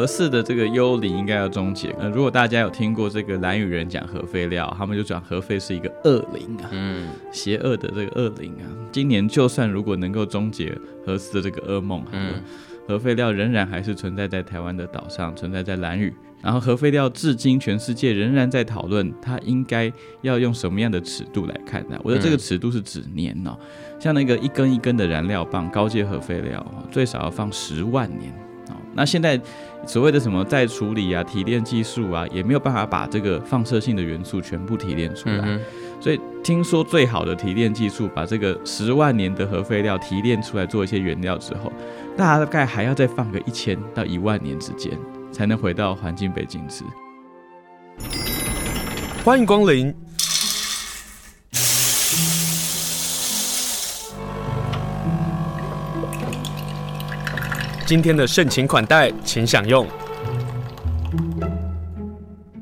核四的這個幽靈應該要終結。呃，如果大家有聽過這個蘭嶼人講核廢料，他們就講核廢是一個惡靈啊，嗯、邪惡的這個惡靈啊。今年就算如果能夠終結核四的這個噩夢、嗯，核廢料仍然還是存在在台灣的島上，存在在蘭嶼。然後核廢料至今全世界仍然在討論它應該要用什麼樣的尺度來看呢、啊？我覺得這個尺度是指年哦、喔嗯，像那個一根一根的燃料棒，高階核廢料最少要放十萬年。那現在所謂的什麼再處理啊、提煉技術啊，也沒有辦法把這個放射性的元素全部提煉出來、嗯。所以聽說最好的提煉技術，把這個十萬年的核廢料提煉出來做一些原料之後，大概還要再放個一千到一萬年之間，才能回到環境背景值。歡迎光臨。今天的盛情款待，請享用。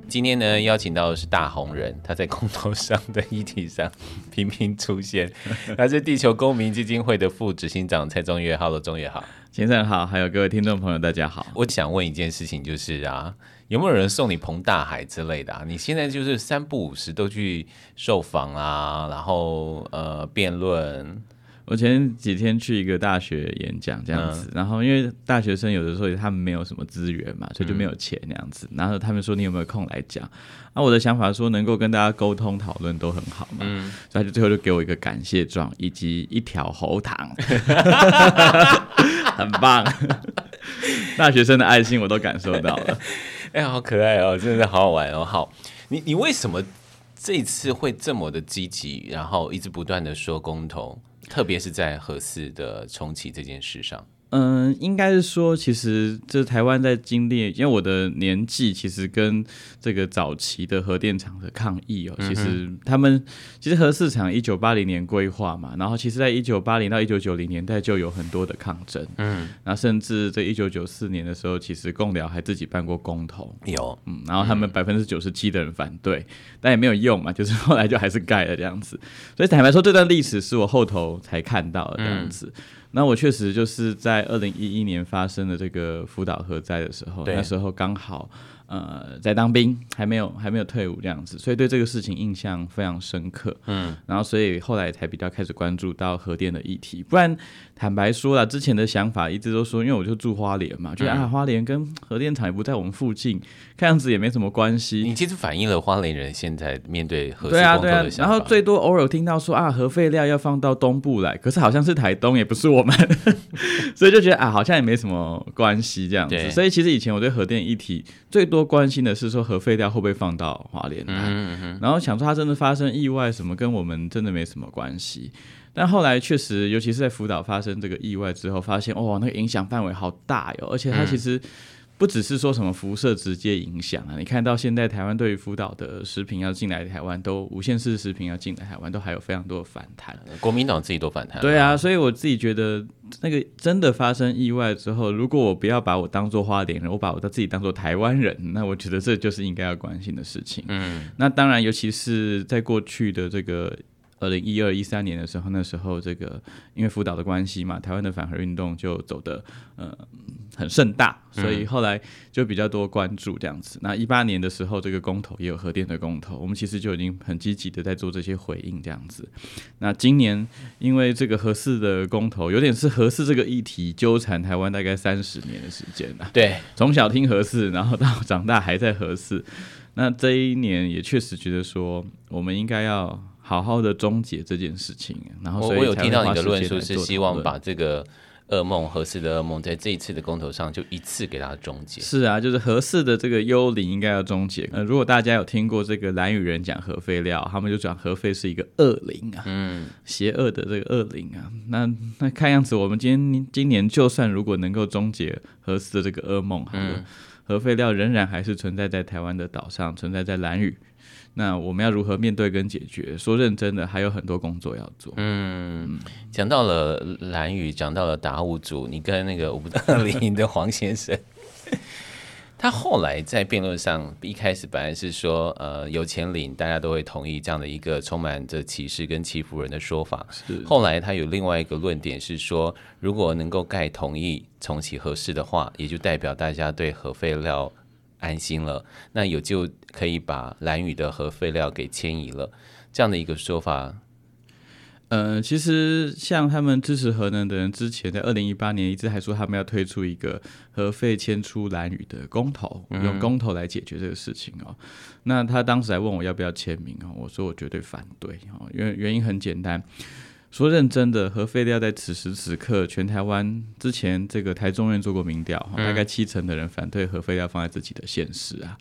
今天呢，邀請到的是大紅人，他在公投上的議題上頻頻 出現，他是地球公民基金會的副執行長蔡 中岳。Hello，中岳好，先生好，還有各位聽眾朋友，大家好。我想問一件事情，就是啊，有沒有人送你膨大海之類的啊？你現在就是三不五時都去受訪啊，然後呃，辯論。我前幾天去一個大學演講這樣子、嗯，然後因為大學生有的時候他們沒有什麼資源嘛，所以就沒有錢那樣子、嗯。然後他們說你有沒有空來講？那我的想法說能夠跟大家溝通討論都很好嘛，嗯、所以他就最後就給我一個感謝狀以及一條喉糖， 很棒， 大學生的愛心我都感受到了。哎、欸，好可愛哦，真的是好好玩哦。好，你你為什麼這次會這麼的積極，然後一直不斷的說公投？特別是在核四的重啟這件事上。嗯，應該是說，其實這台灣在經歷，因為我的年紀，其實跟這個早期的核電廠的抗議哦、喔嗯，其實他們其實核四廠一九八零年規劃嘛，然後其實在一九八零到一九九零年代就有很多的抗爭，嗯，然後甚至在一九九四年的時候，其實貢寮還自己辦過公投，有，嗯，然後他們百分之九十七的人反對、嗯，但也沒有用嘛，就是後來就還是蓋了這樣子，所以坦白說，這段歷史是我後頭才看到的這樣子。嗯那我確實就是在二零一一年發生的這個福島核災的時候，那時候剛好。呃，在當兵還沒有還沒有退伍這樣子，所以對這個事情印象非常深刻。嗯，然後所以後來才比較開始關注到核電的議題，不然坦白說了，之前的想法一直都說，因為我就住花蓮嘛，就覺得啊、嗯、花蓮跟核電廠也不在我們附近，看樣子也沒什麼關係。你其實反映了花蓮人現在面對核的對啊對啊，然後最多偶爾聽到說啊核廢料要放到東部來，可是好像是台東也不是我們， 所以就覺得啊好像也沒什麼關係這樣子。所以其實以前我對核電議題最多，多關心的是說核廢料會不會放到花蓮來、嗯嗯嗯，然後想說它真的發生意外什麼，跟我們真的沒什麼關係。但後來確實，尤其是在福島發生這個意外之後，發現哇、哦，那個影響範圍好大喲，而且它其實，嗯不只是說什麼輻射直接影響啊，你看到現在台灣對於福島的食品要進來台灣，都無限制食品要進來台灣，都還有非常多的反彈。國民黨自己都反彈。對啊，所以我自己覺得，那個真的發生意外之後，如果我不要把我當做花蓮人，我把我自己當做台灣人，那我覺得這就是應該要關心的事情。嗯，那當然，尤其是在過去的這個。二零一二、一三年的時候，那時候這個因為福島的關係嘛，台灣的反核運動就走得嗯、呃、很盛大，所以後來就比較多關注這樣子。嗯、那一八年的時候，這個公投也有核電的公投，我們其實就已經很積極的在做這些回應這樣子。那今年因為這個核四的公投，有點是核四這個議題糾纏台灣大概三十年的時間了，對，從小聽核四，然後到長大還在核四。那這一年也確實覺得說，我們應該要。好好的終結這件事情，然後所以我我有聽到你的論述是希望把這個噩夢，核四的噩夢在這一次的公投上就一次給它終結。是啊，就是核四的這個幽靈應該要終結。那、呃、如果大家有聽過這個蘭嶼人，講核廢料，他們就講核廢是一個惡靈啊，嗯，邪惡的這個惡靈啊。那那看樣子我們今天今年就算如果能夠終結核四的這個噩夢，核核廢料仍然還是存在在台灣的島上，存在在蘭嶼。那我們要如何面對跟解決？說認真的，還有很多工作要做。嗯，講、嗯、到了蘭嶼，講到了達悟族，你跟那個五二零的黃先生， 他後來在辯論上一開始本來是說，呃，有錢領大家都會同意這樣的一個充滿着歧視跟欺負人的說法是。後來他有另外一個論點是說，如果能夠蓋同意重啟核四的話，也就代表大家對核廢料。安心了，那有就可以把蘭嶼的核廢料給遷移了，這樣的一個說法、呃，嗯，其實像他們支持核能的人，之前在二零一八年一直還說他們要推出一個核廢遷出蘭嶼的公投，用公投來解決這個事情哦、嗯。那他當時還問我要不要簽名哦，我說我絕對反對哦，原原因很簡單。說認真的核廢料在此時此刻，全台灣之前這個台中院做過民調、哦，大概七成的人反對核廢料放在自己的縣市啊。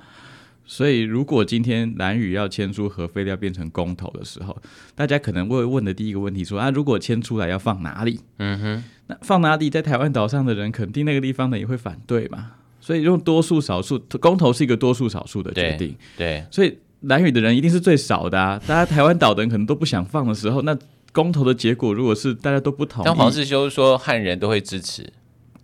所以如果今天蘭嶼要遷出核廢料變成公投的時候，大家可能會問的第一個問題說啊，如果遷出來要放哪裡？嗯哼，那放哪裡？在台灣島上的人肯定那個地方的也會反對嘛。所以用多數少數公投是一個多數少數的決定。對，對所以蘭嶼的人一定是最少的啊。大家台灣島的人可能都不想放的時候，那。 公投的結果，如果是大家都不同意，像黃士修說漢人都會支持，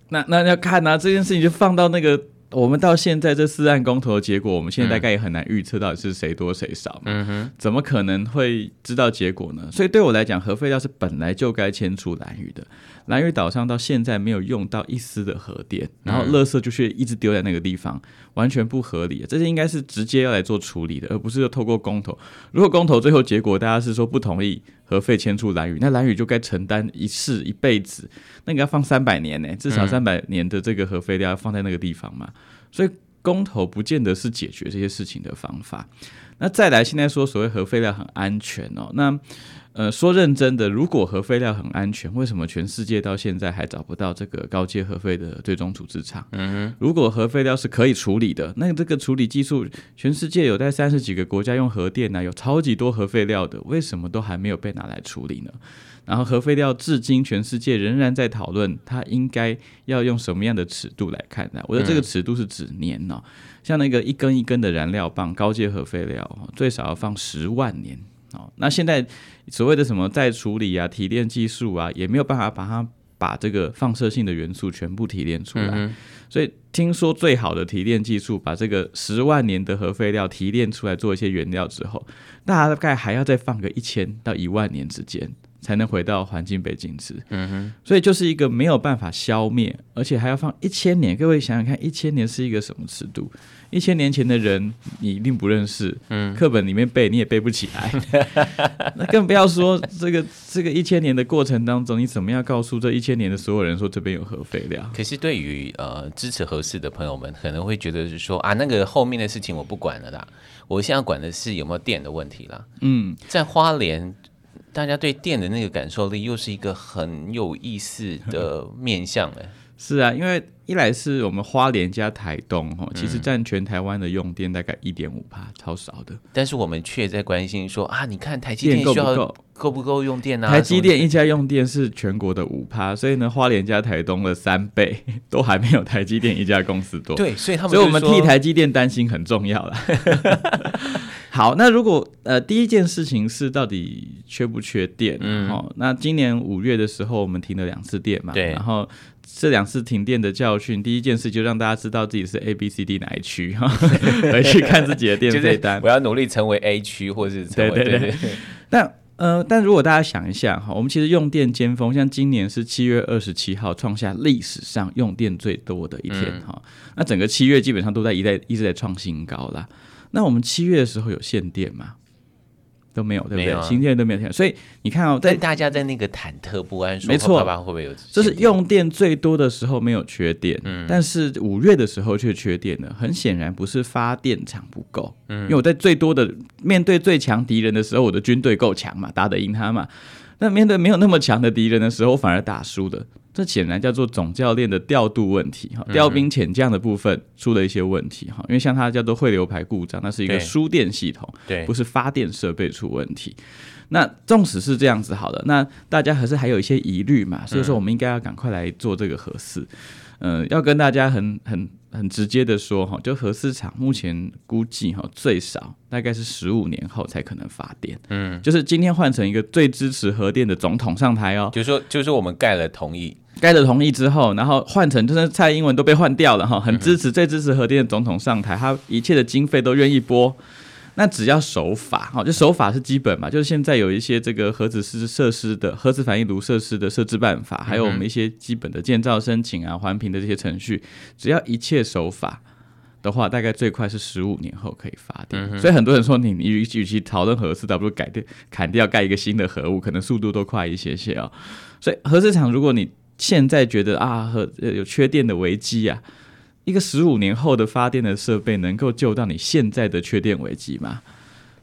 那那你要看呢、啊。這件事情就放到那個我們到現在這四案公投的結果，我們現在大概也很難預測到底是誰多誰少嗯哼，怎麼可能會知道結果呢？所以對我來講，核廢料是本來就該遷出蘭嶼的。蘭嶼島上到現在沒有用到一絲的核電，然後垃圾就一直丟在那個地方，嗯、完全不合理。這些應該是直接要來做處理的，而不是要透過公投。如果公投最後結果大家是說不同意。核廢遷出蘭嶼，那蘭嶼就該承擔一世一輩子，那你、個、要放三百年呢、欸？至少三百年的這個核廢料要放在那個地方嘛、嗯，所以公投不見得是解決這些事情的方法。那再來，現在說所謂核廢料很安全哦，那。呃，說認真的，如果核廢料很安全，為什麼全世界到現在還找不到這個高階核廢的最終處置場？嗯哼。如果核廢料是可以處理的，那這個處理技術，全世界有在三十幾個國家用核電呢、啊，有超級多核廢料的，為什麼都還沒有被拿來處理呢？然後核廢料至今全世界仍然在討論，它應該要用什麼樣的尺度來看呢、啊？我覺得這個尺度是指年哦、嗯，像那個一根一根的燃料棒，高階核廢料最少要放十萬年。那現在所謂的什麼再處理啊、提煉技術啊，也沒有辦法把它把這個放射性的元素全部提煉出來嗯嗯。所以聽說最好的提煉技術，把這個十萬年的核廢料提煉出來做一些原料之後，大概還要再放個一千到一萬年之間。才能回到環境背景值，嗯哼，所以就是一個沒有辦法消滅，而且還要放一千年。各位想想看，一千年是一個什麼尺度？一千年前的人你一定不認識，嗯，課本裡面背你也背不起來，嗯、 那更不要說這個這個一千年的過程當中，你怎麼樣告訴這一千年的所有人說，這邊有核廢料？可是對於呃支持核四的朋友們，可能會覺得是說啊，那個後面的事情我不管了啦，我現在管的是有沒有電的問題啦。嗯，在花蓮。大家對電的那個感受力又是一個很有意思的面向哎、嗯，是啊，因為一來是我們花蓮加台東其實占全台灣的用電大概一點五趴，超少的、嗯。但是我們卻在關心說啊，你看台積電需要夠不夠用電啊？台積電一家用電是全國的五趴，所以呢，花蓮加台東的三倍都還沒有台積電一家公司多。對，所以他們，所以我們替台積電擔心很重要啦 好，那如果呃，第一件事情是到底缺不缺電？嗯，好、哦，那今年五月的時候，我們停了兩次電嘛。對。然後這兩次停電的教訓，第一件事就讓大家知道自己是 A、B、C、D 哪一區哈，回去看自己的電費單。 我要努力成為 A 區，或者是成為對對對。那呃，但如果大家想一下哈、哦，我們其實用電尖峰，像今年是七月二十七號創下歷史上用電最多的一天哈、嗯哦。那整個七月基本上都在一一直在創新高啦。那我們七月的時候有限電嗎？都沒有，對不對？停、啊、電都沒有限，所以你看啊、哦，在大家在那個忐忑不安說，沒錯，吧？會不會有？就是用電最多的時候沒有缺電、嗯，但是五月的時候卻缺電了。很顯然不是發電廠不夠，嗯，因為我在最多的面對最強敵人的時候，我的軍隊夠強嘛，打得贏他嘛。那面對沒有那麼強的敵人的時候，我反而打輸的。這顯然叫做總教練的調度問題哈，調、嗯、兵遣將的部分出了一些問題哈、嗯，因為像它叫做匯流排故障，那是一個輸電系統，對，不是發電設備出問題。那縱使是這樣子好了，那大家還是還有一些疑慮嘛，所以說我們應該要趕快來做這個核四。嗯，呃、要跟大家很很很直接的說哈、哦，就核四廠目前估計哈、哦、最少大概是十五年後才可能發電。嗯，就是今天換成一個最支持核電的總統上台哦，就是、說就說、是、我們蓋了同意。蓋的同意之後，然後換成就是蔡英文都被換掉了哈，很支持最支持核電的總統上台，他一切的經費都願意撥。那只要守法，哈，就守法是基本嘛。就是現在有一些這個核子設施的核子反應爐設施的設置辦法，還有我們一些基本的建造申請啊、環評的這些程序，只要一切守法的話，大概最快是十五年後可以發電。所以很多人說，你你與其討論核四，倒不如改掉砍掉蓋一個新的核五，可能速度都快一些些哦。所以核四廠，如果你現在覺得啊，和有缺電的危機啊，一個十五年後的發電的設備能夠救到你現在的缺電危機嗎？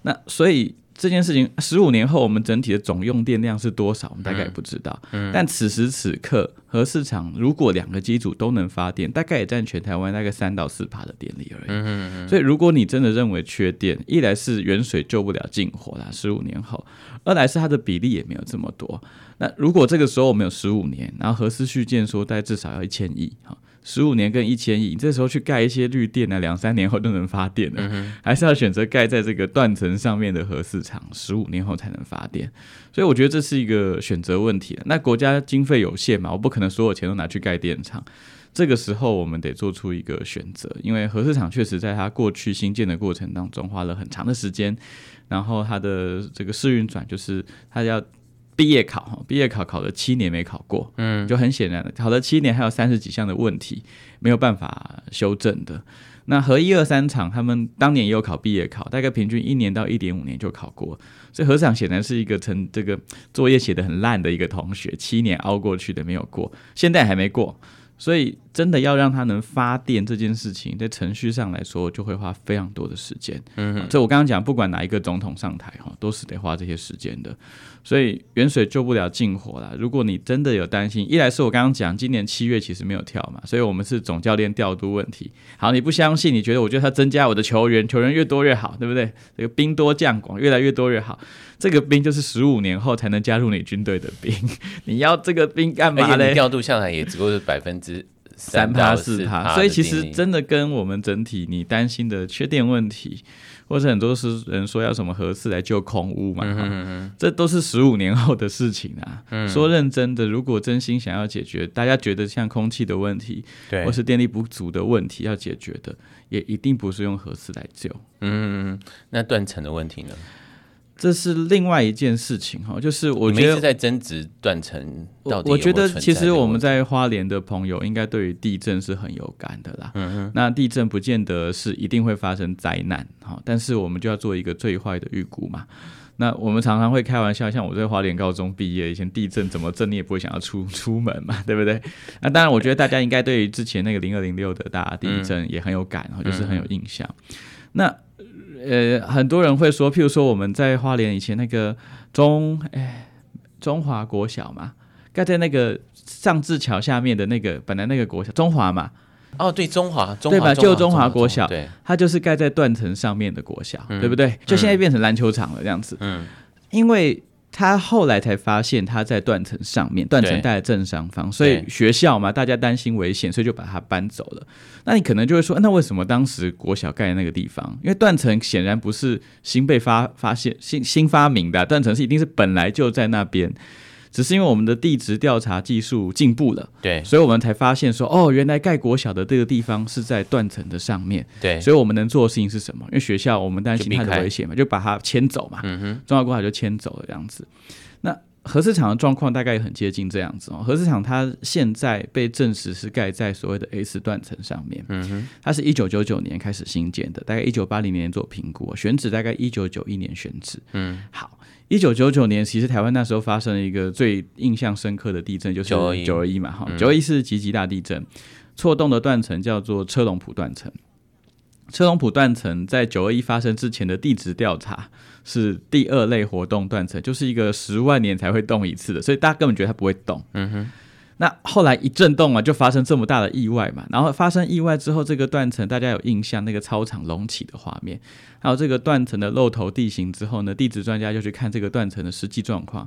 那所以。這件事情十五年後，我們整體的總用電量是多少？我們大概也不知道、嗯嗯。但此時此刻，核四廠如果兩個機組都能發電，大概也占全台灣大概三到四趴的電力而已。嗯嗯嗯、所以，如果你真的認為缺電，一來是遠水救不了近火啦，十五年後；二來是它的比例也沒有這麼多。那如果這個時候我們有十五年，然後核四續建，說大概至少要一千億哈。十五年跟一千億，你這時候去蓋一些綠電呢、啊，兩三年後都能發電了、嗯，還是要選擇蓋在這個斷層上面的核四廠，十五年後才能發電。所以我覺得這是一個選擇問題。那國家經費有限嘛，我不可能所有錢都拿去蓋電廠。這個時候我們得做出一個選擇，因為核四廠確實在它過去新建的過程當中花了很長的時間，然後它的這個試運轉就是它要。畢業考。畢業考考了七年沒考過，嗯，就很顯然了，考了七年還有三十幾項的問題沒有辦法修正的。那核一二三廠他們當年也有考畢業考，大概平均一年到一點五年就考過，所以核廠顯然是一個成這個作業寫得很爛的一個同學，嗯、七年熬過去的沒有過，現在還沒過，所以。真的要讓他能發電這件事情，在程序上來說，就會花非常多的時間。嗯哼、啊，所以我剛剛講，不管哪一個總統上台，哈，都是得花這些時間的。所以遠水救不了近火啦。如果你真的有擔心，一來是我剛剛講，今年七月其實沒有跳嘛，所以我們是總教練調度問題。好，你不相信，你覺得？我覺得他增加我的球員，球員越多越好，對不對？這個兵多將廣，越來越多越好。這個兵就是十五年後才能加入你軍隊的兵，你要這個兵幹嘛呢？調度下來也只不過是百分之。 三趴、四趴，所以其實真的跟我們整體你擔心的缺電問題，或是很多是人說要什麼核四來救空污嘛、嘛，這都是十五年後的事情啊。說認真的，如果真心想要解決大家覺得像空氣的問題，或是電力不足的問題要解決的，也一定不是用核四來救。嗯、嗯，嗯、那斷層的問題呢？這是另外一件事情哈，就是我覺得在爭執斷層，到底有有我，我覺得其實我們在花蓮的朋友應該對於地震是很有感的啦、嗯。那地震不見得是一定會發生災難哈，但是我們就要做一個最壞的預估嘛。那我們常常會開玩笑，像我在花蓮高中畢業以前，地震怎麼震你也不會想要出 出門嘛，對不對？那當然，我覺得大家應該對於之前那個零二零六的大地震也很有感啊、嗯，就是很有印象。嗯、那。呃，很多人會說，譬如說我們在花蓮以前那個中哎中華國小嘛，蓋在那個上志橋下面的那個本來那個國小中華嘛，哦對，中華中華對吧，就中華國小，對，它就是蓋在斷層上面的國小，嗯，對不對？就現在變成籃球場了這樣子，嗯，因為。他後來才發現他在斷層上面，斷層帶在正上方，所以學校嘛，大家擔心危險，所以就把它搬走了。那你可能就會說，嗯、那為什麼當時國小蓋那個地方？因為斷層顯然不是新被發發現、新新發明的、啊，斷層是一定是本來就在那邊。只是因為我們的地質調查技術進步了，對，所以我們才發現說，哦，原來蓋國小的這個地方是在斷層的上面，對，所以我們能做的事情是什麼？因為學校我們擔心太危險嘛，就，就把它遷走嘛。嗯哼，中華國小就遷走了這樣子。那核四廠的狀況大概也很接近這樣子哦。核四廠它現在被證實是蓋在所謂的 S 斷層上面，嗯哼，它是一九九九年開始新建的，大概一九八零年做評估選址，大概一九九一年選址。嗯，好。一九九九年，其實台灣那時候發生了一個最印象深刻的地震，就是九二九二一嘛，哈、嗯，九二一是極、極大地震，錯動的斷層叫做車籠埔斷層。車籠埔斷層在九二一發生之前的地質調查是第二類活動斷層，就是一個十萬年才會動一次的，所以大家根本覺得它不會動。嗯哼。那後來一震動啊，就發生這麼大的意外嘛。然後發生意外之後，這個斷層大家有印象，那個操場隆起的畫面，還有這個斷層的露頭地形之後呢，地質專家就去看這個斷層的實際狀況。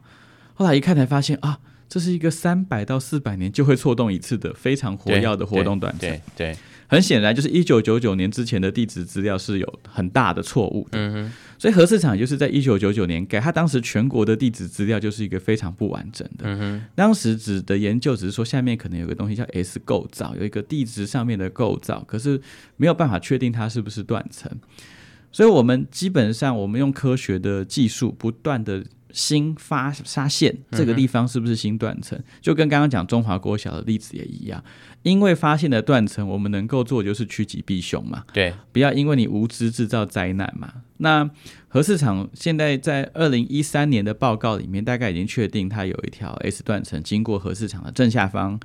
後來一看才發現啊，這是一個三百到四百年就會錯動一次的非常活躍的活動斷層。對對。對對很顯然，就是一九九九年之前的地質資料是有很大的錯誤的，所以核四廠就是在一九九九年蓋，他當時全國的地質資料就是一個非常不完整的。當時只的研究只是說下面可能有個東西叫 S 構造，有一個地質上面的構造，可是沒有辦法確定它是不是斷層。所以我們基本上我們用科學的技術不斷的。新發沙現這個地方是不是新斷層、嗯？就跟剛剛講中華國小的例子也一樣，因為發現的斷層，我們能夠做就是趨吉避凶嘛。對，不要因為你無知製造災難嘛。那核四廠現在在二零一三年的報告裡面，大概已經確定它有一條 S 斷層經過核四廠的正下方。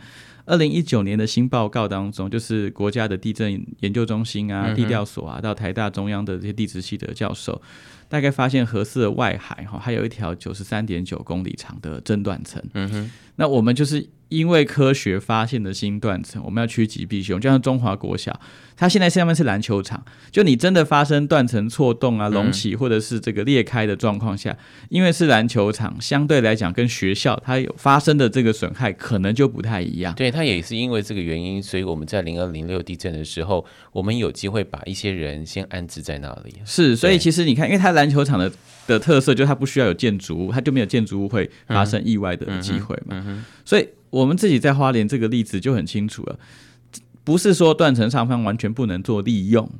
二零一九年的新報告當中，就是國家的地震研究中心啊、嗯、地調所啊，到台大中央的這些地質系的教授。大概發現核四的外海，哈，還有一條九十三點九公里長的正斷層。嗯那我們就是因為科學發現的新斷層，我們要趨吉避凶。我們就像中華國小，它現在上面是籃球場。就你真的發生斷層錯動啊、隆起或者是這個裂開的狀況下，嗯，因為是籃球場，相對來講跟學校它有發生的這個損害可能就不太一樣。對，它也是因為這個原因，所以我們在零二零六地震的時候，我們有機會把一些人先安置在那裡。是，所以其實你看，因為它籃球場的的特色，就是它不需要有建築物，它就沒有建築物會發生意外的機會嘛。嗯嗯所以，我們自己在花蓮這個例子就很清楚了，不是說斷層上方完全不能做利用，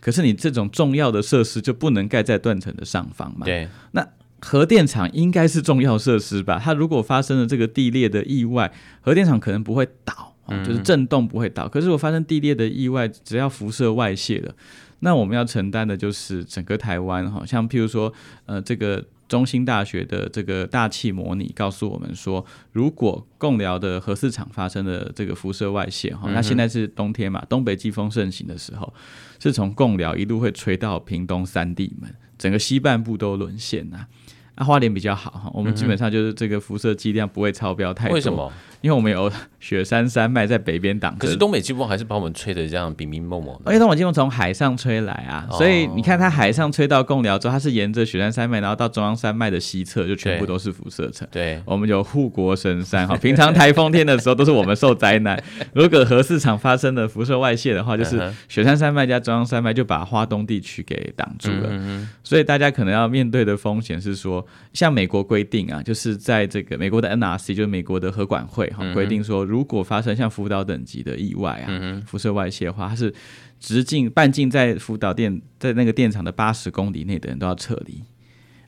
可是你這種重要的設施就不能蓋在斷層的上方嘛？對。那核電廠應該是重要設施吧？它如果發生了這個地裂的意外，核電廠可能不會倒，就是震動不會倒。嗯。可是，如果發生地裂的意外，只要輻射外洩了，那我們要承擔的就是整個台灣哈，像譬如說，呃，這個。中興大學的這個大氣模擬告訴我們說，如果貢寮的核四廠發生了這個輻射外泄，哈、嗯，那現在是冬天嘛，東北季風盛行的時候，是從貢寮一路會吹到屏東三地門，整個西半部都淪陷吶、啊。啊，花蓮比較好哈，我們基本上就是這個輻射劑量不會超標太多。為什麼？因為我們有雪山山脈在北邊擋。可是東北季風還是把我們吹得這樣迷迷濛濛。而且東北季風從海上吹來啊、哦，所以你看它海上吹到貢寮之後，它是沿着雪山山脈，然後到中央山脈的西側，就全部都是輻射層。對，我們有護國神山哈，平常台風天的時候都是我們受災難。 如果核四廠發生的輻射外泄的話，就是雪山山脈加中央山脈就把花東地區給擋住了、嗯，所以大家可能要面對的風險是說。像美國規定啊，就是在這個美國的 NRC，就是美國的核管會哈、啊，規定說，如果發生像福島等級的意外啊，輻、嗯、射外洩的話，它是直徑半徑在福島電在那個電廠的八十公里內的人都要撤離。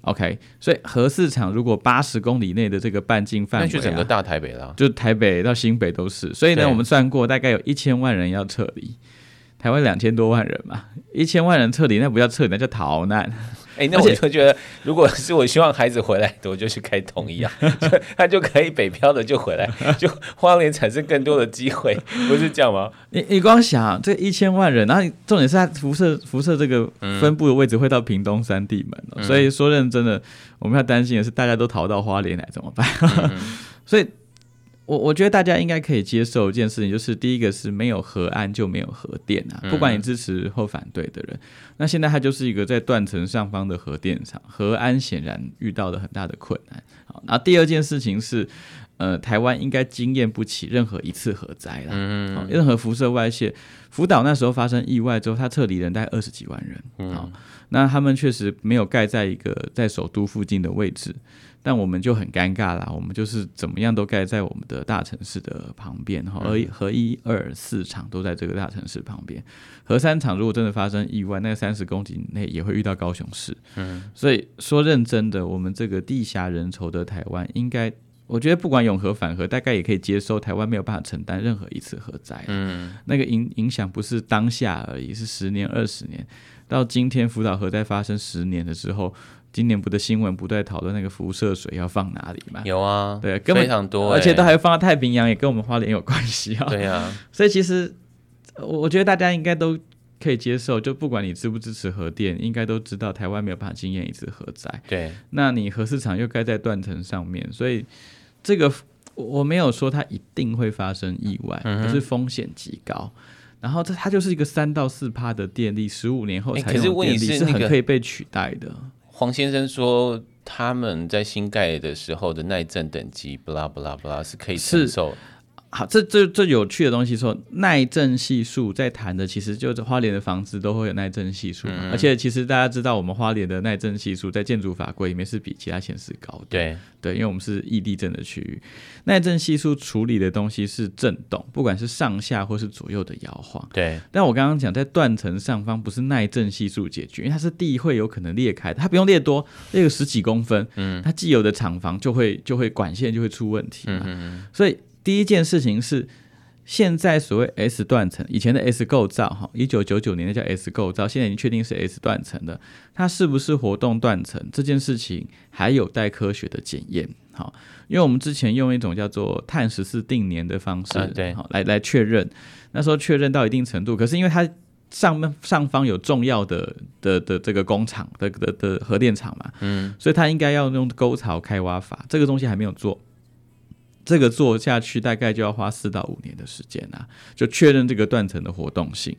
OK，所以核四廠如果八十公里內的這個半徑範圍，就整個大台北了，就台北到新北都是。所以呢，我們算過大概有一千萬人要撤離，台灣兩千多萬人嘛，一千萬人撤離，那不叫撤離，那叫逃難。哎、欸，那我就覺得，如果是我希望孩子回來的，我就去開同意啊， 就他就可以北漂的就回來，就花蓮產生更多的機會， 不是這樣嗎？你你光想這一千萬人，然後重點是他輻射輻射這個分布的位置會到屏東三地門、哦，所以說認真的，我們要擔心的是大家都逃到花蓮來怎麼辦？ 所以。我我覺得大家應該可以接受一件事情，就是第一個是沒有核安就沒有核電、啊、不管你支持或反對的人，嗯、那現在他就是一個在斷層上方的核電廠，核安顯然遇到了很大的困難。好，那第二件事情是，呃，台灣應該經驗不起任何一次核災啦、嗯，任何輻射外泄，福島那時候發生意外之後，他撤離人大概二十幾萬人，好，嗯、那他們確實沒有蓋在一個在首都附近的位置。但我們就很尷尬啦，我們就是怎麼樣都蓋在我們的大城市的旁邊哈，核、嗯、一二四廠都在這個大城市旁邊，核三廠如果真的發生意外，那個三十公里內也會遇到高雄市。嗯，所以說認真的，我們這個地狹人稠的台灣，應該我覺得不管擁核反核，大概也可以接受台灣沒有辦法承擔任何一次核災、啊。嗯，那個影影響不是當下而已，是十年二十年。到今天福島核災發生十年的時候，今年不的新聞不斷討論那個輻射水要放哪裡嘛？有啊，對，非常多、欸，而且都還放到太平洋，也跟我們花蓮有關係啊、哦。對啊，所以其實我我覺得大家應該都可以接受，就不管你支不支持核電，應該都知道台灣沒有辦法經驗一次核災。對，那你核電廠又蓋在斷層上面，所以這個我沒有說它一定會發生意外，可、嗯、是風險極高。然後這它就是一個三到四趴的電力，十五年後才用的電力是很可以被取代的。黃先生說他們在新蓋的時候的耐震等級，巴拉巴拉巴拉是可以承受。好，這這這有趣的東西說，耐震係數在談的其實就是花蓮的房子都會有耐震係數，嗯，而且其實大家知道，我們花蓮的耐震係數在建築法規裡面是比其他縣市高的。對對，因為我們是易地震的區域。耐震係數處理的東西是震動，不管是上下或是左右的搖晃。對，但我剛剛講在斷層上方不是耐震係數解決，因為它是地會有可能裂開的，它不用裂多，裂個十幾公分，嗯，它既有的廠房就會就會管線就會出問題，嗯嗯，嗯，所以。第一件事情是，現在所謂 S 斷層，以前的 S 構造，哈，一九九九年那叫 S 構造，現在已經確定是 S 斷層的。它是不是活動斷層這件事情還有待科學的檢驗，好，因為我們之前用一種叫做碳十四定年的方式，啊、對，來來確認，那時候確認到一定程度，可是因為它上面上方有重要的的的這個工廠的的的的核電廠嘛，嗯，所以它應該要用溝槽開挖法，這個東西還沒有做。這個做下去大概就要花四到五年的時間啊，就確認這個斷層的活動性。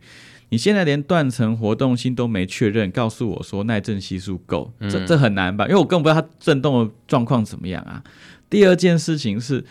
你現在連斷層活動性都沒確認，告訴我說耐震係數夠，這這很難吧？因為我根本不知道它震動的狀況怎麼樣啊。第二件事情是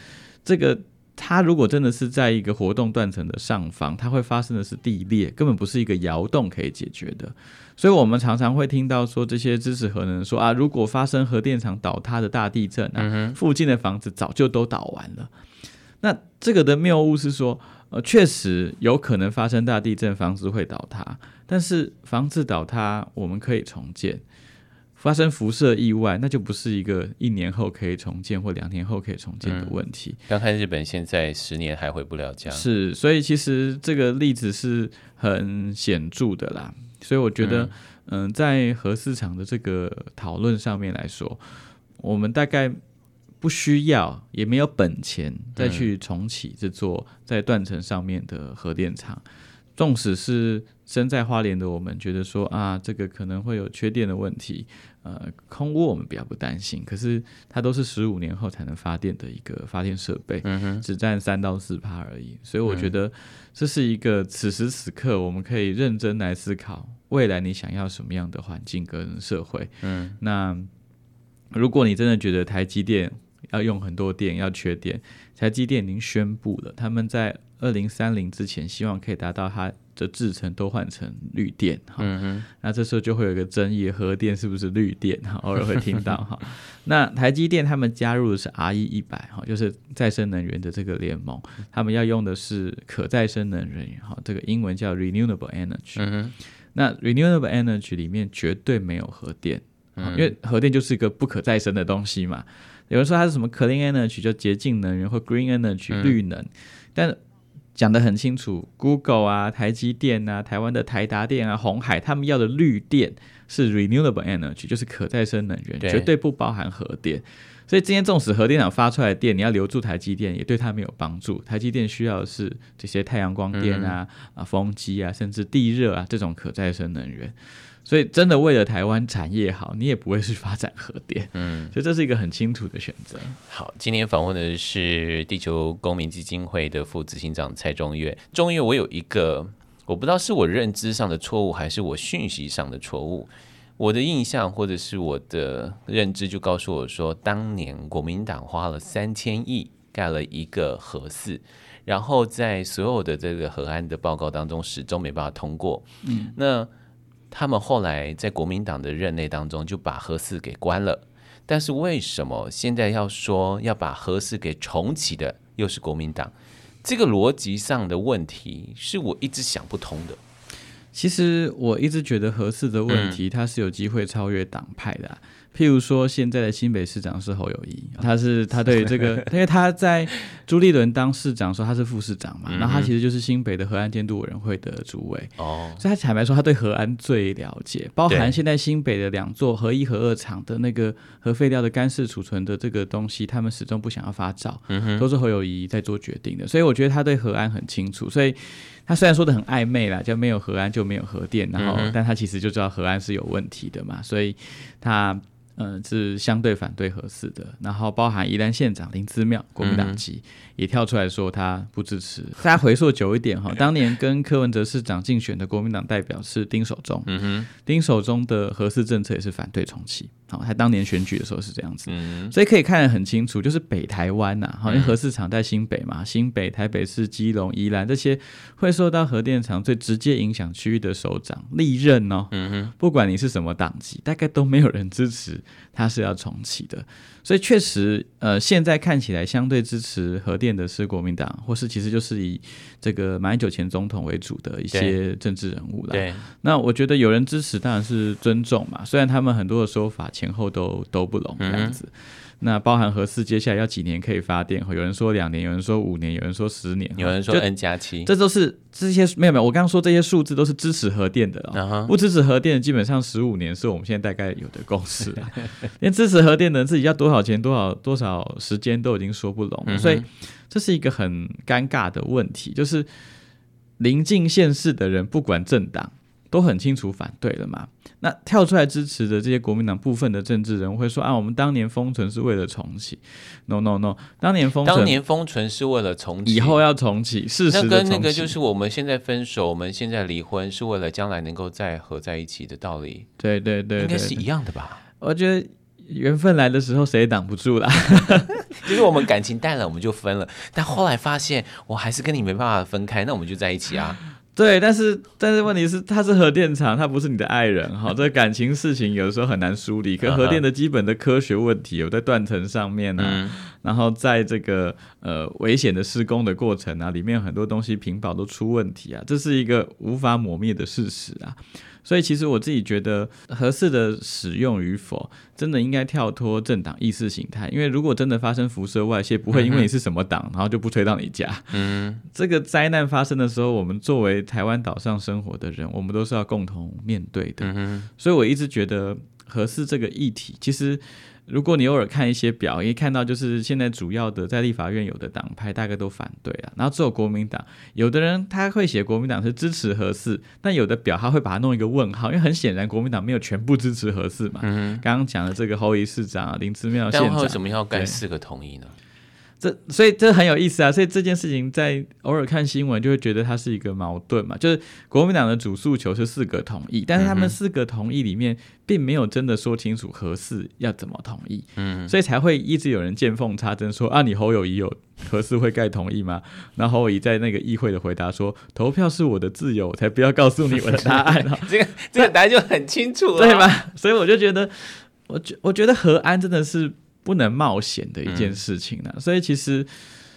這個。它如果真的是在一個活動斷層的上方，它會發生的是地裂，根本不是一個搖動可以解決的。所以，我們常常會聽到說這些支持核能說啊，如果發生核電廠倒塌的大地震啊，附近的房子早就都倒完了。嗯、那這個的謬誤是說，呃，確實有可能發生大地震，房子會倒塌，但是房子倒塌我們可以重建。發生輻射意外，那就不是一個一年後可以重建或兩年後可以重建的問題。嗯、剛才日本現在十年還回不了家。是，所以其實這個例子是很顯著的啦。所以我覺得，嗯，呃、在核四廠的這個討論上面來說，我們大概不需要也沒有本錢再去重啟這座在斷層上面的核電廠。縱使是身在花蓮的我們，覺得說啊，這個可能會有缺電的問題，呃，空污我們比較不擔心，可是它都是十五年後才能發電的一個發電設備，嗯、只佔三到四趴而已，所以我覺得這是一個此時此刻我們可以認真來思考，未來你想要什麼樣的環境跟社會。嗯，那如果你真的覺得台積電要用很多電要缺電，台積電已經宣布了，他們在。二零三零之前，希望可以達到它的製程都換成綠電哈、嗯。那這時候就會有一個爭議：核電是不是綠電？哈，偶爾會聽到哈。 那台積電他們加入的是 RE 一百哈，就是再生能源的這個聯盟。他們要用的是可再生能源哈，這個英文叫 Renewable Energy、嗯。那 Renewable Energy 裡面絕對沒有核電，因為核電就是一個不可再生的東西嘛。有人說它是什麼 Clean Energy，就潔淨能源或 Green Energy、嗯、綠能，但講得很清楚，Google 啊、台積電啊、台灣的台達電啊、鴻海，他們要的綠電是 renewable energy，就是可再生能源，對絕對不包含核電。所以今天，縱使核電廠發出來的電，你要留住台積電，也對他們沒有幫助。台積電需要的是這些太陽光電啊、嗯、啊風機啊，甚至地熱啊這種可再生能源。所以，真的為了台灣產業好，你也不會去發展核電。嗯，所以這是一個很清楚的選擇。好，今天訪問的是地球公民基金會的副執行長蔡中岳。中岳，我有一個我不知道是我認知上的錯誤，還是我訊息上的錯誤。我的印象或者是我的認知就告訴我說，當年國民黨花了三千億蓋了一個核四，然後在所有的這個核安的報告當中，始終沒辦法通過。嗯，那。他們後來在國民黨的任內當中就把核四給關了，但是為什麼現在要說要把核四給重啟的又是國民黨？這個邏輯上的問題是我一直想不通的。其實我一直覺得核四的問題，他是有機會超越黨派的，啊嗯。譬如說，現在的新北市長是侯友宜，他是他對這個，因為他在朱立倫當市長，說他是副市長嘛，嗯，然後他其實就是新北的核安監督委員會的主委，哦，所以他坦白說，他對核安最了解。包含現在新北的兩座核一核二廠的那個核廢料的乾式儲存的這個東西，他們始終不想要發照，嗯，都是侯友宜在做決定的，所以我覺得他對核安很清楚，所以。他雖然說的很曖昧啦，叫沒有核安就沒有核電，然後、嗯，但他其實就知道核安是有問題的嘛，所以他嗯、呃、是相對反對核四的。然後包含宜蘭縣長林姿妙，國民黨籍、嗯、也跳出來說他不支持。再回溯久一點哈，當年跟柯文哲市長競選的國民黨代表是丁守中，嗯哼，丁守中的核四政策也是反對重啟。好，他當年選舉的時候是這樣子，所以可以看得很清楚，就是北台灣吶，因為核四廠在新北嘛，新北、台北市、基隆、宜蘭這些會受到核電廠最直接影響區域的首長歷任哦、喔，不管你是什麼黨籍，大概都沒有人支持。他是要重啟的，所以確實，呃，現在看起來相對支持核電的是國民黨，或是其實就是以這個馬英九前總統為主的一些政治人物啦。對，那我覺得有人支持當然是尊重嘛，雖然他們很多的說法前後都都不攏這樣子。嗯嗯那包含核四，接下來要幾年可以發電？有人說兩年，有人說五年，有人說十年，有人說 N 加七，這都是這些沒有沒有，我剛剛說這些數字都是支持核電的、哦 uh -huh. 不支持核電的基本上十五年是我們現在大概有的共識、啊、 連支持核電的人自己要多少錢、多少多少時間都已經說不攏，uh -huh. 所以這是一個很尷尬的問題，就是鄰近縣市的人不管政黨。都很清楚反對了嘛。那跳出來支持的這些國民黨部分的政治人物會說啊，我們當年封存是為了重啟。No No No，當年封存，當年封存是為了重啟，以後要重啟。事實的重啟。那跟那個就是我們現在分手，我們現在離婚是為了將來能夠再合在一起的道理。對對對，對，應該是一樣的吧？我覺得緣分來的時候誰也擋不住啦。 就是我們感情淡了， 我們就分了。但後來發現我還是跟你沒辦法分開，那我們就在一起啊。對，但是但是問題是，它是核電廠，它不是你的愛人，好、 哦，這感情事情有的時候很難梳理。可核電的基本的科學問題，有在斷層上面呢、啊。Uh-huh. 嗯然後在這個呃危險的施工的過程啊，裡面有很多東西品保都出問題啊，這是一個無法抹滅的事實啊。所以其實我自己覺得，核四的使用與否，真的應該跳脫政黨意識形態，因為如果真的發生輻射外洩，不會因為你是什麼黨，呵呵然後就不吹到你家呵呵。這個災難發生的時候，我們作為台灣島上生活的人，我們都是要共同面對的。呵呵所以我一直覺得，核四這個議題，其實。如果你偶爾看一些表，一看到就是現在主要的在立法院有的黨派大概都反對了，然後只有國民黨，有的人他會寫國民黨是支持核四，但有的表他會把它弄一個問號，因為很顯然國民黨沒有全部支持核四嘛。剛剛講的這個侯友宜市長、啊、林姿妙縣長，但為什麼要蓋四個同意呢？這所以這很有意思啊，所以這件事情在偶爾看新聞就會覺得它是一個矛盾嘛，就是國民黨的主訴求是四個同意，但是他們四個同意裡面並沒有真的說清楚核四要怎麼同意，嗯，所以才會一直有人見縫插針說啊，你侯友宜有核四會蓋同意嗎？然後侯友宜在那個議會的回答說，投票是我的自由，我才不要告訴你我的答案 然後 這個這個答案就很清楚了嗎，對吧？所以我就覺得，我覺我覺得核安真的是。不能冒險的一件事情呢、啊嗯，所以其實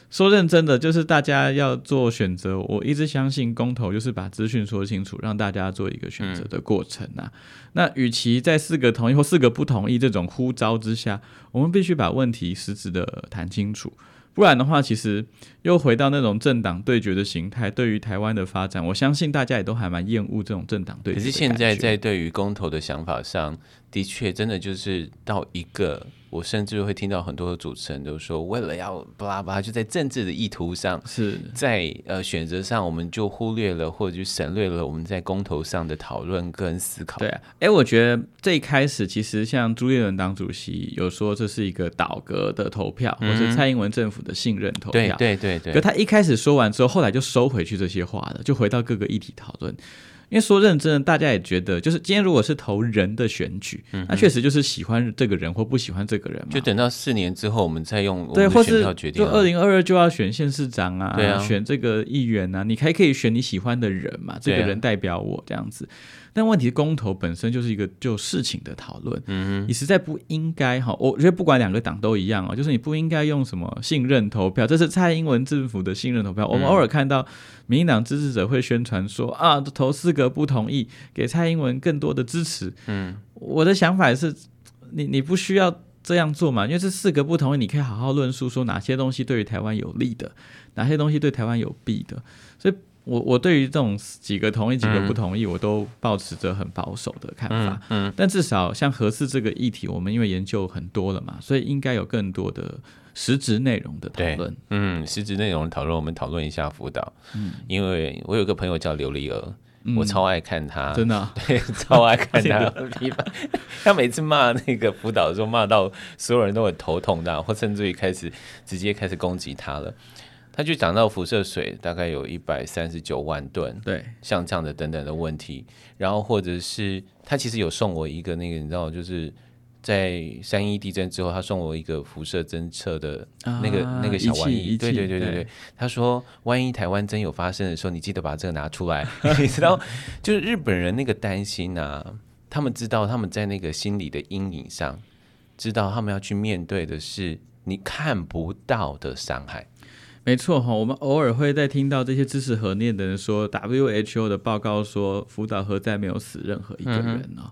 說認真的，就是大家要做選擇。我一直相信公投就是把資訊說清楚，讓大家做一個選擇的過程、啊嗯、那與其在四個同意或四個不同意這種呼召之下，我們必須把問題實質的談清楚，不然的話，其實又回到那種政黨對決的形態。對於台灣的發展，我相信大家也都還蠻厭惡這種政黨對決的。可是現在在對於公投的想法上，的確真的就是到一個。我甚至會聽到很多的主持人都說，為了要巴拉巴拉，就在政治的意圖上，是在呃選擇上，我們就忽略了或者就省略了我們在公投上的討論跟思考。對、啊，哎、欸，我覺得最開始其實像朱立倫當主席，有說這是一個倒閣的投票、嗯，或是蔡英文政府的信任投票。對對對。就他一開始說完之後，後來就收回去這些話了，就回到各個議題討論。因為說認真的，大家也覺得，就是今天如果是投人的選舉，嗯、那確實就是喜歡這個人或不喜歡這個人嘛。就等到四年之後，我們再用我們的選票決定，對，或是，就二零二二就要選縣市長啊，對啊，選這個議員啊，你還可以選你喜歡的人嘛。這個人代表我這樣子。但問題是，公投本身就是一個就事情的討論。嗯，你實在不應該哈，我覺得不管兩個黨都一樣啊、哦，就是你不應該用什麼信任投票。這是蔡英文政府的信任投票。嗯、我們偶爾看到民進黨支持者會宣傳說啊，投四個不同意，給蔡英文更多的支持。嗯，我的想法是你，你不需要這樣做嘛，因為這四個不同意，你可以好好論述說哪些東西對於台灣有利的，哪些東西對台灣有弊的，所以。我我對於這種幾個同意幾個不同意，嗯、我都抱持著很保守的看法。嗯，嗯，但至少像核四這個議題，我們因為研究很多了嘛，所以應該有更多的實質內容的討論。嗯，實質內容討論，我們討論一下福島、嗯。因為我有個朋友叫劉黎兒，我超愛看她，真的、哦，對， 超愛看她批判。他每次罵那個福島，說罵到所有人都很頭痛的，或甚至於開始直接開始攻擊他了。他就講到輻射水大概有一百三十九萬噸，對，像這樣的等等的問題，然後或者是他其實有送我一個那個你知道就是在三一地震之後，他送我一個輻射偵測的那個、啊、那個小玩意，對對對對對。他說，萬一台灣真有發生的時候，你記得把這個拿出來。 你知道，就是日本人那個擔心啊，他們知道他們在那個心理的陰影上，知道他們要去面對的是你看不到的傷害。沒錯哈，我們偶爾會在聽到這些知識核念的人說，WHO 的報告說福島核災沒有死任何一個人哦、嗯嗯。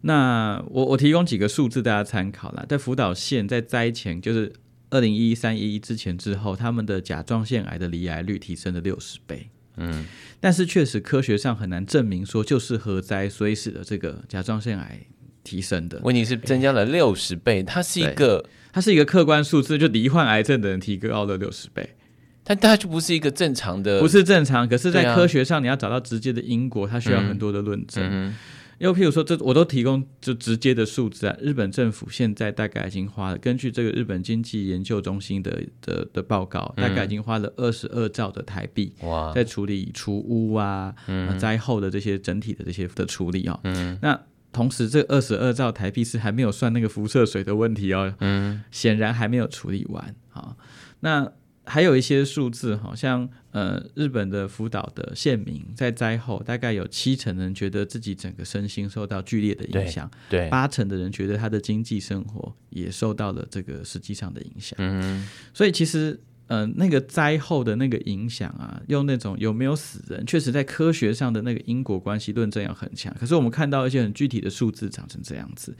那我我提供幾個數字大家參考啦。在福島縣在災前就是二零一一三一一之前之後，他們的甲狀腺癌的罹癌率提升了六十倍。嗯，但是確實科學上很難證明說就是核災所以使得這個甲狀腺癌提升的。問題是增加了六十倍、欸，它是一個它是一個客觀數字，就罹患癌症的人提高了六十倍。但它就不是一個正常的，不是正常。可是，在科學上、啊，你要找到直接的因果，它需要很多的論證。又、嗯嗯、譬如說，這我都提供就直接的數字啊。日本政府現在大概已經花了，根據這個日本經濟研究中心的的的報告，大概已經花了二十二兆的台幣哇、嗯，在處理除污啊、災、嗯啊、後的這些整體的這些的處理啊、哦。嗯，那同時，這二十二兆台幣是還沒有算那個輻射水的問題哦。嗯，顯然還沒有處理完啊、哦。那還有一些數字，好像呃，日本的福島的縣民在災後，大概有七成人覺得自己整個身心受到劇烈的影響，對，對八成的人覺得他的經濟生活也受到了這個實際上的影響。嗯，所以其實呃，那個災後的那個影響啊，用那種有沒有死人，確實在科學上的那個因果關係論證要很強。可是我們看到一些很具體的數字長成這樣子，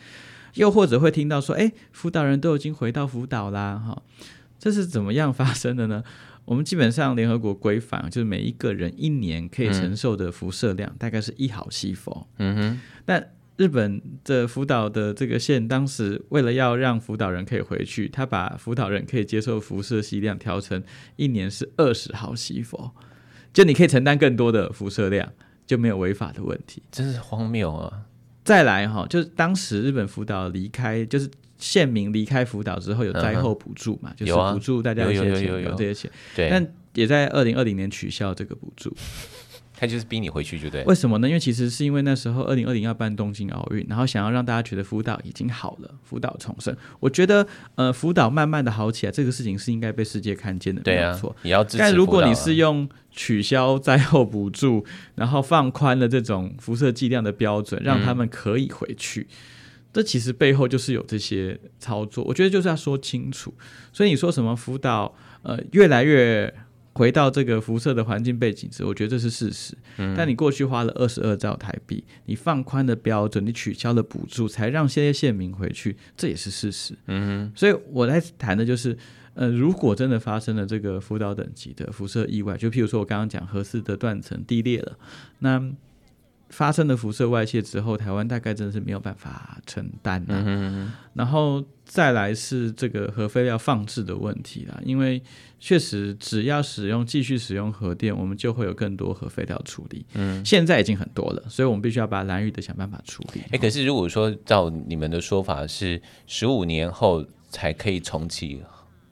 又或者會聽到說，哎、欸，福島人都已經回到福島啦，哈。這是怎麼樣發生的呢？我們基本上聯合國規範，就是每一個人一年可以承受的輻射量大概是一毫西弗。嗯。嗯哼。但日本的福島的這個縣當時為了要讓福島人可以回去，他把福島人可以接受輻射劑量調成一年是二十毫西弗，就你可以承擔更多的輻射量，就沒有違法的問題。真是荒謬啊！再來哈、哦，就是當時日本福島離開就是。縣民離開福島之後有災後補助嘛、嗯，就是補助有？有啊，補助大家有有有有，有，錢有這些錢。對，但也在二零二零年取消這個補助，他就是逼你回去，就對。為什麼呢？因為其實是因為那時候二零二零要辦東京奧運，然後想要讓大家覺得福島已經好了，福島重生。我覺得，呃，福島慢慢的好起來，這個事情是應該被世界看見的，對啊，沒錯、啊。但如果你是用取消災後補助，然後放寬了這種輻射劑量的標準，讓他們可以回去。嗯這其實背後就是有這些操作，我覺得就是要說清楚。所以你說什麼福島，呃，越來越回到這個輻射的環境背景值，我覺得這是事實。但你過去花了二十二兆台幣，你放寬的標準，你取消了補助，才讓這些縣民回去，這也是事實。嗯，所以我來談的就是，呃，如果真的發生了這個福島等級的輻射意外，就譬如說我剛剛講核四的斷層地裂了，那發生了輻射外洩之後，台灣大概真的是沒有辦法承擔了，嗯嗯嗯。然後再來是這個核廢料放置的問題啦，因為確實只要使用、繼續使用核電，我們就會有更多核廢料處理。嗯，現在已經很多了，所以我們必須要把蘭嶼的想辦法處理。欸，可是如果說照你們的說法是十五年後才可以重啟。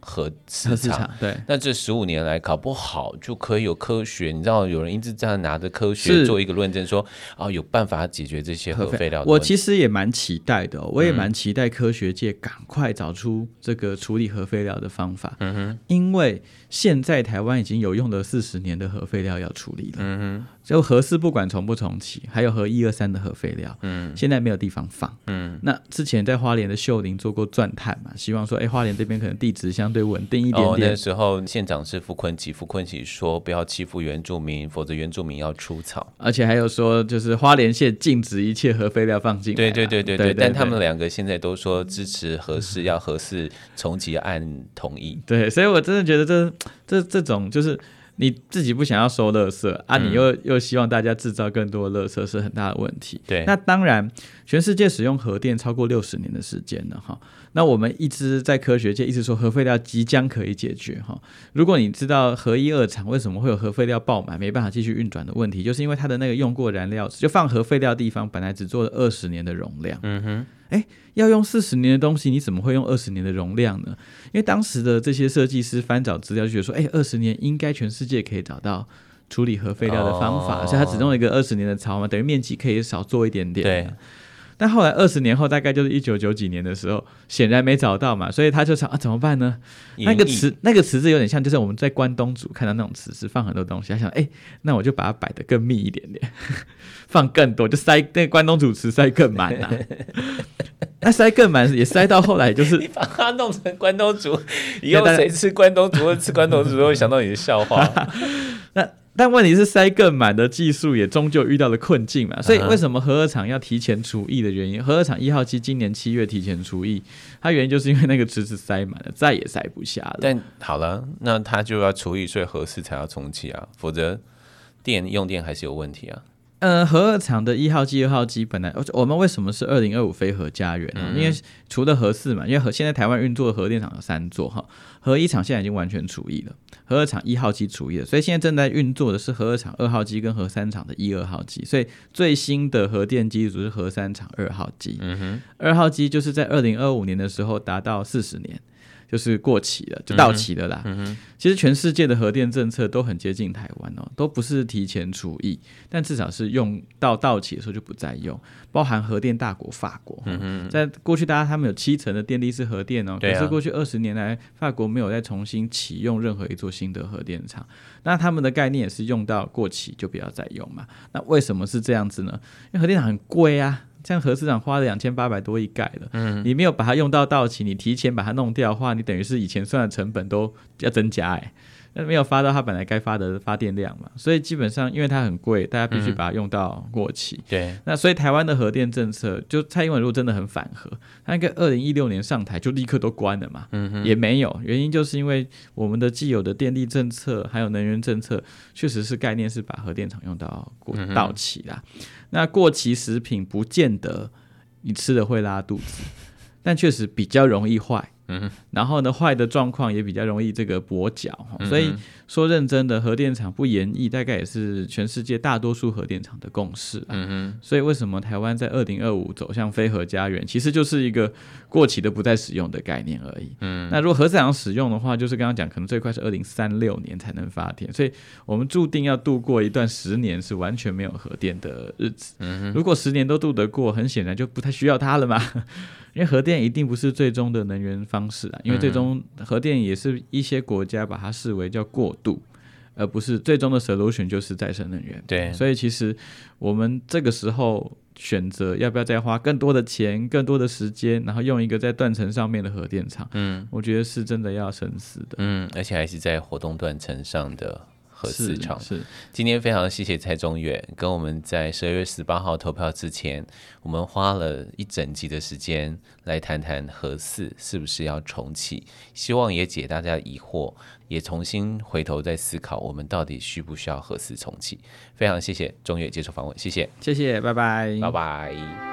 核市場，場，對，那這十五年來搞不好就可以有科學，你知道有人一直這樣拿着科學做一個論證說，說啊、哦、有辦法解決這些核廢料的問題。我其實也蠻期待的、哦，我也蠻期待科學界趕快找出這個處理核廢料的方法。嗯哼，因為現在台灣已經有用了四十年的核廢料要處理了，嗯哼，就核四不管重不重啟，還有核一二三的核廢料，嗯，現在沒有地方放，嗯，那之前在花蓮的秀林做過鑽探嘛，希望說，哎、欸，花蓮這邊可能地質相。對，穩定一點點。哦，那時候縣長是傅崐萁，傅崐萁說不要欺負原住民，否則原住民要出草。而且還有說，就是花蓮縣禁止一切核廢料放進、啊。對對對對對。但他們兩個現在都說支持核四，嗯，要核四重啟案同意。對，所以我真的覺得這這這種就是你自己不想要收垃圾啊，你又、嗯、又希望大家制造更多的垃圾是很大的問題。對。那當然，全世界使用核電超過六十年的時間了哈。那我們一直在科學界一直說核廢料即將可以解決哈。如果你知道核一、二廠為什麼會有核廢料爆滿、沒辦法繼續運轉的問題，就是因為它的那個用過燃料就放核廢料的地方，本來只做了二十年的容量。嗯哼，欸、要用四十年的東西，你怎麼會用二十年的容量呢？因為當時的這些設計師翻找資料就覺得說，欸、二十年應該全世界可以找到處理核廢料的方法，哦、所以它只弄了一個二十年的槽嘛，等於面積可以少做一點點。對。但後來二十年後，大概就是一九九幾年的時候，顯然沒找到嘛，所以他就想啊，怎麼辦呢？那個池那個池子有點像，就是我們在關東煮看到那種池是放很多東西，他想哎、欸，那我就把它擺得更密一點點呵呵，放更多，就塞那個、關東煮池塞更滿了，啊。 那塞更滿也塞到後來，就是 你把它弄成關東煮，以後誰吃關東煮或吃關東煮都會想到你的笑話。 那但問題是塞更滿的技術也終究遇到了困境嘛，所以為什麼核二廠要提前除役的原因？嗯、核二廠一號機今年七月提前除役，它原因就是因為那個池子塞滿了，再也塞不下了。但好了，那它就要除役，所以核四才要重啟啊，否則電用電還是有問題啊。嗯，核二廠的一號機、二號機本來我們為什麼是二零二五非核家園、啊嗯嗯？因為除了核四嘛，因為核現在台灣運作的核電廠有三座哈。核一廠現在已經完全除役了，核二廠一號機除役了，所以現在正在運作的是核二廠二號機跟核三廠的一二號機，所以最新的核電機組是核三廠二號機。嗯哼，二號機就是在二零二五年的時候達到四十年。就是過期了，就到期了啦、嗯嗯。其實全世界的核電政策都很接近台灣哦，都不是提前除役，但至少是用到到期的時候就不再用。包含核電大國法國、嗯，在過去大家他們有七成的電力是核電哦，嗯、可是過去二十年來法國沒有再重新啟用任何一座新的核電廠。那他們的概念也是用到過期就不要再用嘛。那為什麼是這樣子呢？因為核電廠很貴啊。像核四廠花了兩千八百多億蓋了，嗯，你沒有把它用到到期，你提前把它弄掉的話，你等於是以前算的成本都要增加、欸那沒有發到它本來該發的發電量嘛，所以基本上因為它很貴，大家必須把它用到過期、嗯。對，那所以台灣的核電政策，就蔡英文如果真的很反核，它應該二零一六年上台就立刻都關了嘛，嗯、也沒有原因，就是因為我們的既有的電力政策還有能源政策，確實是概念是把核電廠用到過到期啦、嗯。那過期食品不見得你吃了會拉肚子，但確實比較容易壞。嗯，然後呢，壞的狀況也比較容易這個跛腳，所以。嗯嗯說認真的，核電廠不延役，大概也是全世界大多數核電廠的共識。嗯哼，所以為什麼台灣在二零二五走向非核家園，其實就是一個過期的不再使用的概念而已。嗯，那如果核電廠使用的話，就是剛剛講，可能最快是二零三六年才能發電，所以我們注定要度過一段十年是完全沒有核電的日子。嗯哼，如果十年都度得過，很顯然就不太需要它了嘛。 因為核電一定不是最終的能源方式啊，因為最終核電也是一些國家把它視為叫過度，而不是最終的 solution 就是再生能源。對，所以其實我們這個時候選擇要不要再花更多的錢、更多的時間，然後用一個在斷層上面的核電廠，嗯，我覺得是真的要深思的。嗯，而且還是在活動斷層上的核四廠。是，是今天非常謝謝蔡中岳，跟我們在十二月十八號投票之前，我們花了一整集的時間來談談核四是不是要重啟，希望也解大家疑惑。也重新回頭再思考，我們到底需不需要核四重啟？非常謝謝中岳接受訪問，謝謝，謝謝，拜拜，拜拜。